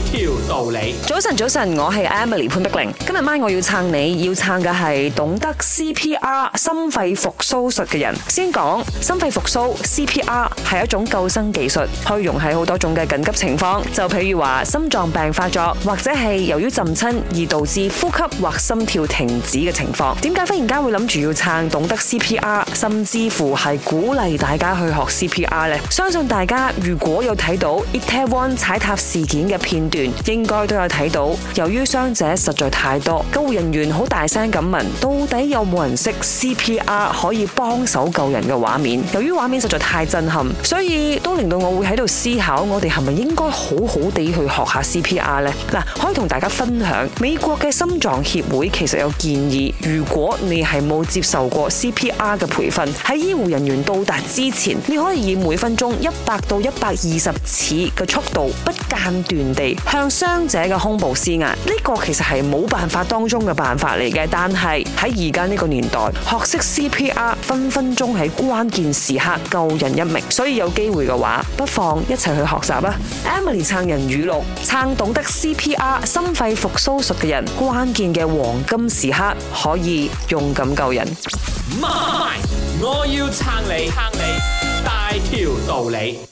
條道理，早晨，早晨，我係 Emily 潘碧玲。今日晚我要撐你，要撐嘅係懂得 CPR 心肺復蘇術嘅人。先講心肺復蘇 CPR 係一種救生技術，可以容係好多種嘅緊急情況，就譬如話心臟病發作，或者係由於浸親而導致呼吸或心跳停止嘅情況。點解忽然間會諗住要撐懂得 CPR，甚至乎係鼓勵大家去學 CPR 呢？相信大家如果有睇到 Itaewon 踩踏事件嘅片段，應該都有睇到，由於傷者實在太多，救護人員好大聲咁問，到底有冇人識 CPR 可以幫手救人嘅畫面？由於畫面實在太震撼，所以都令到我會喺度思考，我哋係咪應該好好地去學下 CPR 呢？嗱，可以同大家分享，美國嘅心臟協會其實有建議，如果你係冇接受過 CPR 嘅培訓，喺醫護人員到達之前，你可以以每分鐘一百到一百二十次嘅速度，不間斷地。向傷者嘅胸部施壓，呢個其實係冇辦法當中嘅辦法嚟嘅，但係喺而家呢個年代，學識 CPR 分分鐘喺關鍵時刻救人一命，所以有機會嘅話，不妨一齊去學習啦。Emily 撐人語錄：撐懂得 CPR 心肺復甦術嘅人，關鍵嘅黃金時刻可以勇敢救人。我要撐你，撐你大條道理。